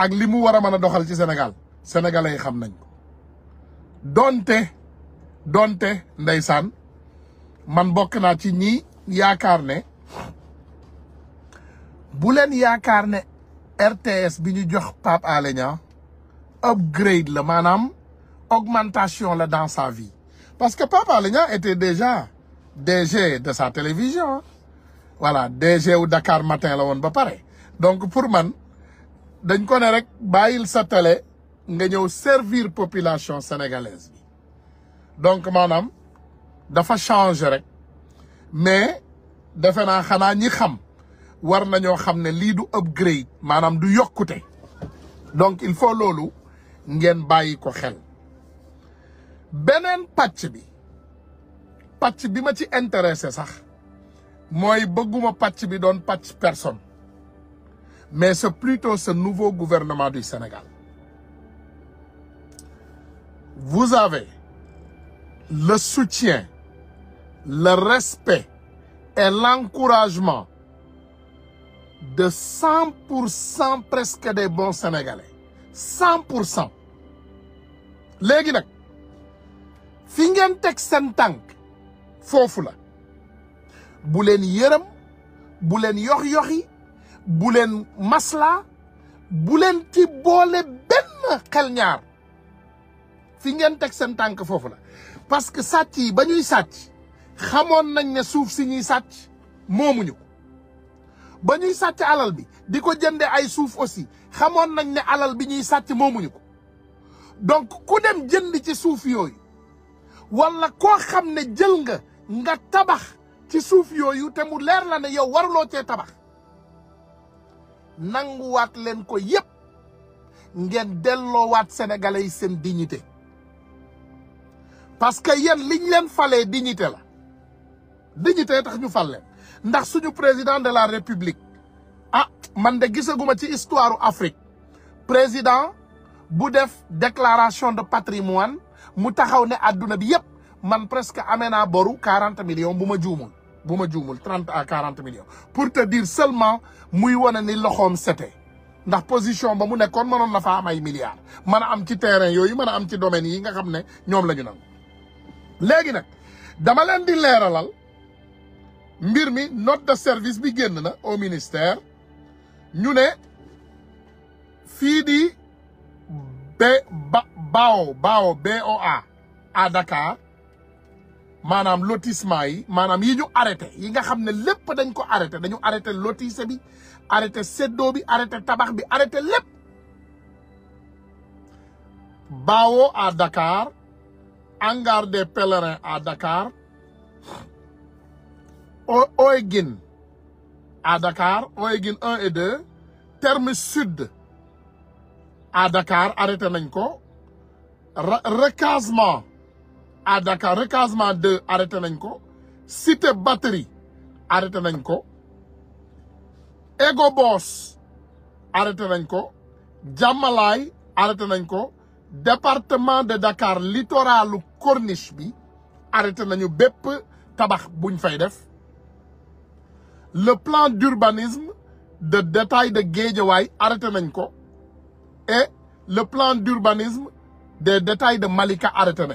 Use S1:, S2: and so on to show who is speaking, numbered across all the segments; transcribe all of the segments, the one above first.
S1: ak limu wara war doxal ci Sénégal sénégalais xam nañ ko donte donte ndeysaan man bokk na ci ñi bu len RTS biñu jox Pape upgrade le manam. augmentation la dans sa vie parce que papa Alé était déjà DG de sa télévision hein. voilà DG ou Dakar matin la won ba paré donc pour man dañ ko ne rek bàyyil sa télé nga ñëw servir population sénégalaise bi donc maanaam dafa changer rek mais defe naa xanaa ñi xam war nañoo xam ne lii du upgrade maanaam du yokkute donc il faut loolu ngeen bàyyi ko xel beneen pàcc bi pàcc bi ma ci intéressé sax mooy bëgguma pàcc bi doon pàcc personne mais c'est plutôt ce nouveau gouvernement du Sénégal. Vous avez le soutien, le respect et l'encouragement de 100% presque des bons Sénégalais. 100%. vous Guinéens, fi ngeen Fofula, bu masla bulen bu leen ci bolé ben xel ñaar fi ngeen tek sen tank fofu la parce que satti bañuy ba ñuy xamoon nañ ne suuf si ñuy sàcc moomuñu ko bañuy ñuy alal bi di jënde ay suuf aussi xamoon nañ ne alal bi ñuy sàcc ko donc ku dem jënd ci suuf yoy walla ko xamne jël nga nga tabax ci suuf yoyu te mu leer la ne yow ci tabax nanguwaat leen ko yépp ngeen delloowaat sénégalais yi seen dignité parce que yéen liñ leen falee dignité la dignité tax ñu fal leen ndax suñu président de la république ah man de gisaguma ci histoire Afrique président bu def déclaration de patrimoine mu taxaw ne àdduna bi yépp man presque amee naa boru quarante millions bu ma juumul 30 à 40 millions pour te dire seulement muy ndax position ba mu na fa ay milliards man am ci terrain je suis domaine yi nga dama de service bi au ministère Nous sommes... di à Dakar Madame lotissement yi Madame, yi ñu arrêté yi nga xamné lepp dañ ko arrêté dañu arrêté lotissé bi arrêté arrêté arrêté Bawo à Dakar hangar des pèlerins à Dakar Oegin à Dakar Oegin 1 et 2 Terme Sud à Dakar arrêté nañ ko recasement à Dakar recasement 2 arrêté nous ko cité batterie arrêté nous Ego Boss arrêté nous ko arrêtez arrêté département de Dakar Littoral corniche bi arrêté le plan d'urbanisme de détail de Guédiawaye arrêté nous et le plan d'urbanisme de détails de Malika arrêté nous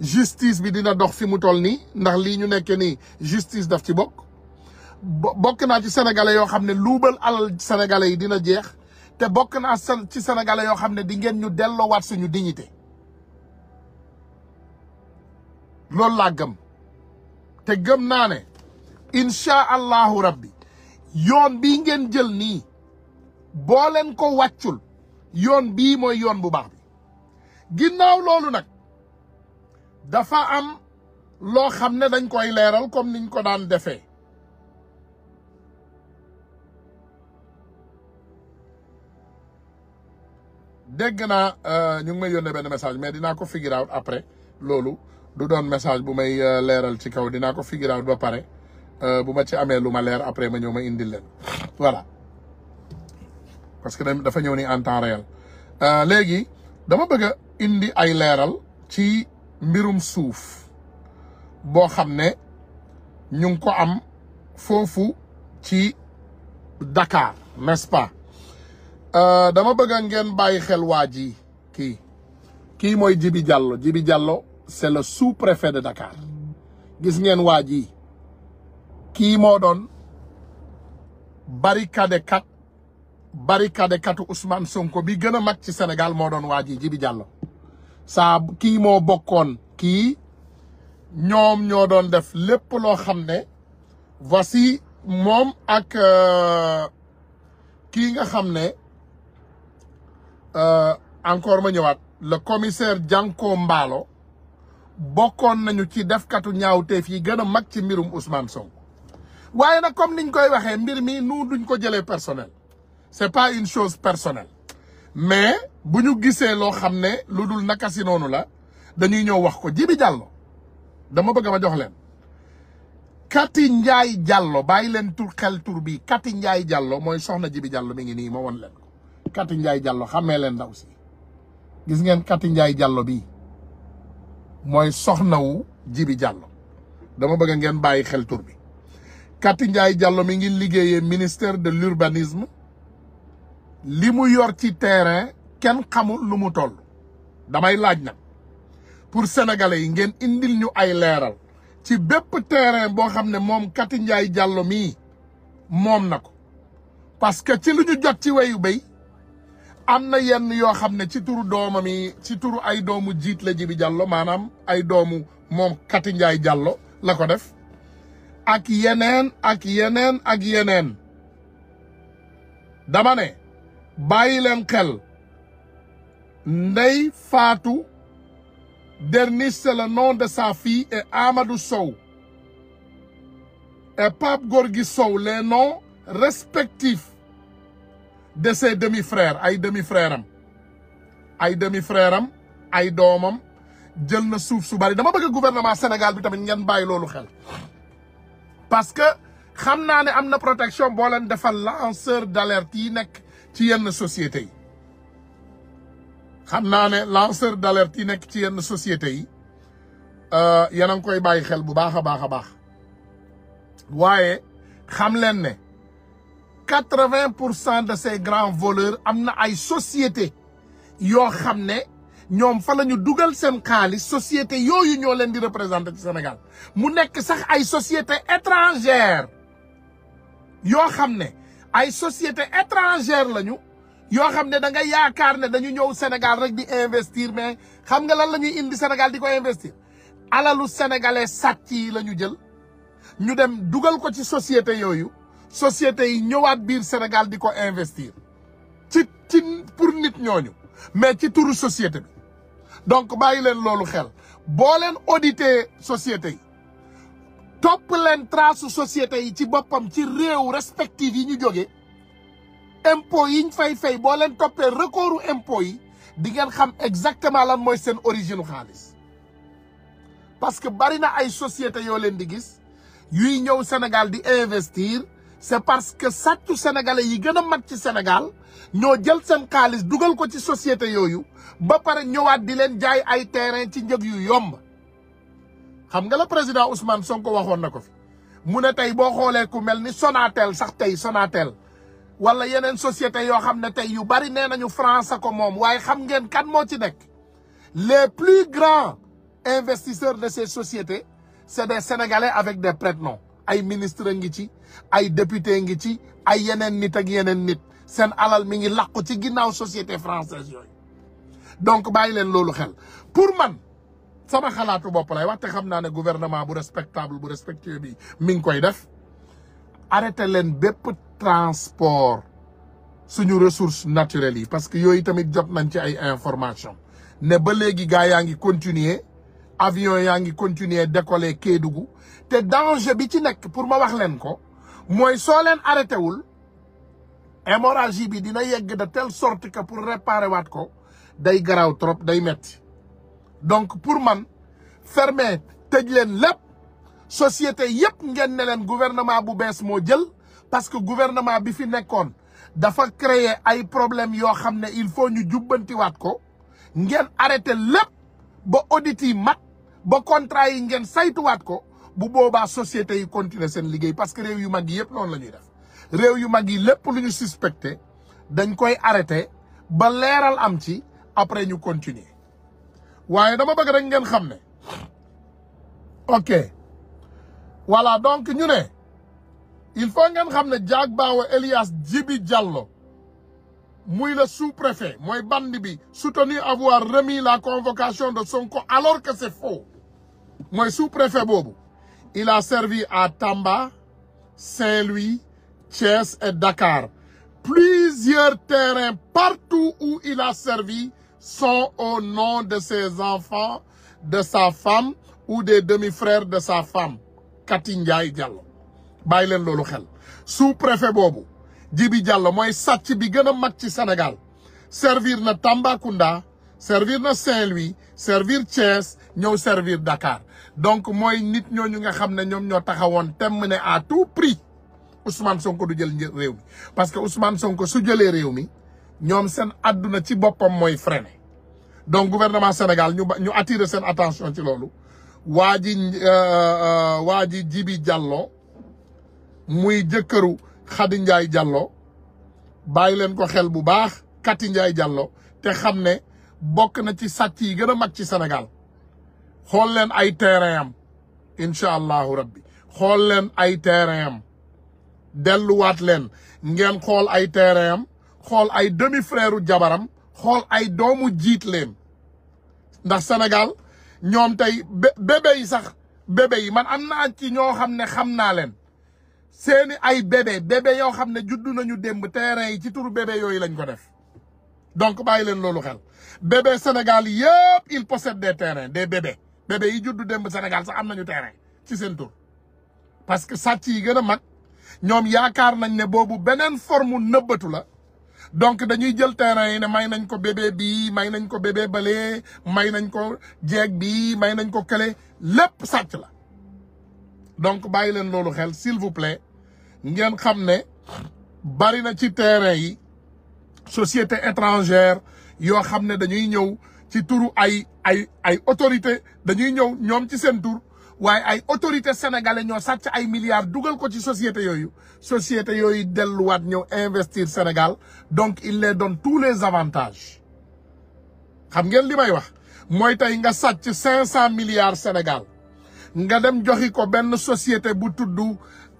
S1: justis bi dina dox fi mu toll nii ndax lii ñu nekkee nii justice daf ci bokk bokk naa ci sénégalais yoo xam ne luubal alal sénégalais yi dina jeex te bokk naa ci sénégalais yoo xam ne di ngeen ñu delloowaat suñu dignité loolu laa gëm te gëm naa ne incha allahu rabbi yoon bii ngeen jël nii boo leen ko wàccul yoon bii mooy yoon bu baax bi ginnaaw loolu nag dafa am lo xamne dañ koy leral comme niñ ko daan defé dégg naa euh, ñu ngi may yónnee benn message mais dinaa ko figure out après loolu du doon message bu may euh, leeral ci kaw dinaa ko figure out ba pare euh, bu ma ci amee lu ma leer après ma ñëw ma indil leen voilà parce que dafa ñëw ni en temps réel léegi dama bëgg indi ay leral ci mbirum suuf boo xam ne ñu ngi ko am foofu ci Dakar n'est-ce pas euh, dama bëgg ngeen bàyyi xel waa ji ki kii mooy Djibi Diallo Djibi Diallo c'est le sous-préfet de Dakar gis ngeen waa ji kii moo doon barricade kat barricade katu Ousmane Sonko bi gën a mag ci Sénégal moo doon waa ji Djibi Diallo saa kii moo bokkoon kii ñoom ñoo doon def lépp loo xam ne voici moom ak euh, kii nga xam ne euh, encore ma ñëwaat le commissaire Janko Mballo bokkoon nañu ci defkatu teef yi gën a mag ci mbirum Ousmane Sonko waaye na comme niñ koy waxee mbir mi nu duñ ko jëlee personnel c'est pas une chose personnelle mais bu ñu gisee loo xam ne lu dul naka si noonu la dañuy ñëw wax ko Djibi jàllo dama bëgg ma jox leen Kati Ndiaye Diallo bàyyi leen tur xel tur bii Kati Ndiaye Diallo mooy soxna Djibi Diallo mi ngi nii ma won leen ko Kati Ndiaye xamee leen ndaw si gis ngeen Kati Ndiaye Diallo bii mooy soxnawu Djibi jàllo dama bëgg ngeen bàyyi xel tur bi Kati Ndiaye jàllo mi ngi liggéeyee ministère de l'urbanisme li mu yor ci terrain kenn xamul lu mu toll damay laaj nag pour sénégalais yi ngeen indil ñu ay leeral ci bépp terrain boo xam ne moom Kati Ndiaye Diallo mii moom na ko parce que ci lu ñu jot ci weyu béy am na yenn yoo xam ne ci turu doomam ci turu ay doomu jiit la Djibi jàllo maanaam ay doomu moom Kati Ndiaye Diallo la ko def ak yeneen ak yeneen ak yeneen dama ne bayilam leen ndey Fatou Dernis c'est le nom de sa fille et Amadou Sow et Pape Gorgui Sow les noms respectifs de ses demi-frères ay demi-frères ay demi-frères ay domam jël na suuf su bari dama le gouvernement Sénégal bi tamit ngeen bay xel parce que xamna né amna une protection bo leen defal lanceur d'alerte yi ci yenn société yi xam naa ne lanceur d'alerte yi nekk ci yenn sociétés yi euh, yéen a ngi koy bàyyi xel bu baax a baax a baax waaye xam leen ne quatre-vingt pour cent de ces grands am na ay société yoo xam ne ñoom fa la ñu dugal seen xaalis société yooyu ñoo leen di représenté ci Sénégal mu nekk sax ay société étrangère yoo xam ne ay société étrangère lañu yoo xam ne da nga yaakaar ne dañu ñëw Sénégal rek di investir mais xam nga lan la ñuy indi Sénégal di ko investir alalu sénégalais sàcc yi la ñu jël ñu dem dugal ko ci société yooyu société yi ñëwaat biir Sénégal di ko investir ci ci pour nit ñooñu mais ci turu société bi donc bàyyi leen loolu xel boo leen audité société yi topp leen trasu société yi ci boppam ci réew respective yi ñu jóge yi ñu fay fay boo leen toppee recordu impôt yi di ngeen xam exactement lan mooy seen origine xaalis parce que bari na ay société yoo leen di gis yuy ñëw Sénégal di investir c'est parce que sàccu sénégalais yi gën a mag ci Sénégal ñoo jël seen xaalis dugal ko ci société yooyu ba pare ñëwaat di leen jaay ay terrain ci njëg yu yomb xam nga la président Ousmane Sonko waxoon nako fi mu ne tey boo xoolee ku melni Sonatel sax tay Sonatel wala yenen société yo xamne tay yu bari nenañu France ko mom waye xam ngeen kan mo ci nek les plus grands investisseurs de ces sociétés c'est des Sénégalais avec des prête-noms ay ministre ngi ci ay député ngi ci ay yenen nit ak yenen nit sen alal mi ngi làqu ci ginnaw société française yooyu donc bàyyi leen xel pour man sama xalaatu bopp lay wax te xam naa ne gouvernement bu respectable bu respectueux bi mi ngi koy def arrêté leen bépp transport suñu ressources naturelles yi parce que yooyu tamit jot nañ ci ay information ne ba léegi gaa yaa ngi continuer avion yaa ngi continuer décoller Kédougou te danger bi ci nekk pour ma wax leen ko mooy soo leen arrêté wul hémorragie bi dina yegg de telle sorte que pour réparer waat ko day garaaw trop day metti donc pour man fermé tëj len lépp société yep ngeen n'elen gouvernement bu bees model, parce que gouvernement bi fi nekkoon dafa créer ay problème yo khamne, il faut ñu wat ko ngeen arrêté lep, ba audit yi mat ba contrat yi ngeen wat ko bu boobaa société yi continuer sen ligue, parce que réew yu mag yep non noonu la ñuy def réew yu mag yi lépp lu suspecté dañ koy arrêté ba al am ci après ñu continuer waaye dama bëgg rek ngeen xamné ok voilà donc ñu né il faut ngeen xamné Jack Bawo Elias Djibi Diallo le sous-préfet moy bandi bi soutenu avoir remis la convocation de Sonko alors que c'est faux moy sous-préfet il a servi à Tamba Saint-Louis Thiès et Dakar plusieurs terrains partout où il a servi sont au nom de ses enfants, de sa femme ou des demi-frères de sa femme Kati Diallo Bailen Lolochel. sous-préfet Bobo Djibi Diallo moi sàcc bi gën mag Sénégal servir Tamba Kunda servir dans Saint-Louis servir Thiès nous servir Dakar donc moi nit ñooñu nga nous ne ñoo à tout prix Ousmane Sonko du jël parce que Ousmane Sonko su jëlee réew ñoom seen àdduna ci boppam mooy freiné donc gouvernement Sénégal ñu ñu attirer seen attention ci loolu waa ji euh, euh, waa ji Jibi Diallo muy jëkkëru Khady Ndiaye Diallo bàyyi leen ko xel bu baax Kati Ndiaye Diallo te xam ne bokk na ci sàcc yi gën a mag ci Sénégal xool leen ay terrain am incha allahu rabbi xool leen ay terrain am delluwaat leen ngeen xool ay terrain am xool ay demi freru jabaram xool ay doomu jiit leen ndax Sénégal ñoom tey bébé yi sax bébé yi man am na naa ci ñoo xam ne xam naa leen seeni ay bébé bébé yoo xam ne juddu nañu démb terrain yi ci turu bébé yooyu lañ ko def donc bàyyi leen loolu xel bébé Sénégal yëpp il possède des terrains des bébés bébé yi juddu démb Sénégal sax am nañu terrain ci seen tur parce que sàcc yi gën a mag ñoom yaakaar nañ ne boobu beneen forme nëbbatu la donc dañuy jël terrain yi ne may nañ ko bébé bi may nañ ko bébé balé, may nañ ko jeeg bi may nañ ko kële lépp sàcc la donc bàyyi leen loolu xel s'il vous plaît ngeen xamné bari na ci terrain yi société étrangère yo xamné dañuy ñëw ci turu ay ay ay autorité dañuy ñëw ñom ci sen tur waaye ay autorité sénégalais ñoo sàcc ay milliards duggal ko ci société yoyu société delu wat ñëw investir Sénégal donc il les donne tous les avantages xam ngeen limay wax moy tay nga sàcc cinq 500 milliards Sénégal nga dem joxiko ben société bu tudd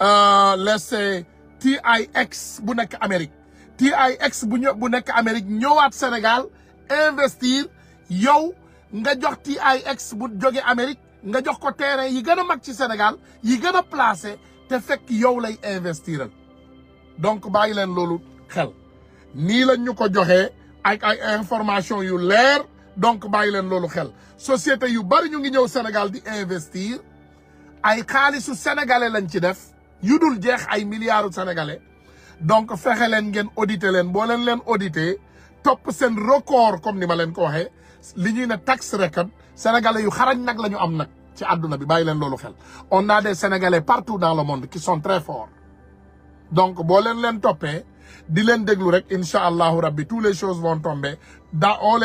S1: euh, les TIX bu nekk Amérique TIX bu bu nekk Amérique ñëwaat Sénégal investir yow nga jox TIX bu joggé Amérique nga jox ko terrain yi gën a mag ci Sénégal yi gën a placé te fekk yow lay investiral donc bàyyi leen loolu xel nii lañ ñu ko joxe ay information yu leer donc bàyyi leen loolu xel société yu bari ñu ngi ñëw Sénégal di investir ay xaalisu sénégalais lañ ci def yu dul jeex ay milliards sénégalais donc fexe leen ngeen auditer leen boo leen leen auditer topp seen record comme ni ma leen ko waxee li ñuy ne tax record sénégalais yu xarañ nag la ñu am nag ci àdduna bi bàyyi leen loolu xel on a des sénégalais partout dans le monde qui sont très forts donc boo leen leen toppee di leen déglu rek incha allahu rabbi tous les choses vont tomber da all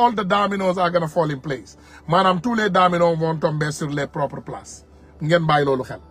S1: all the dominoes are gonna fall in place maanaam tous les dominos vont tomber sur les propres places ngeen bàyyi loolu xel.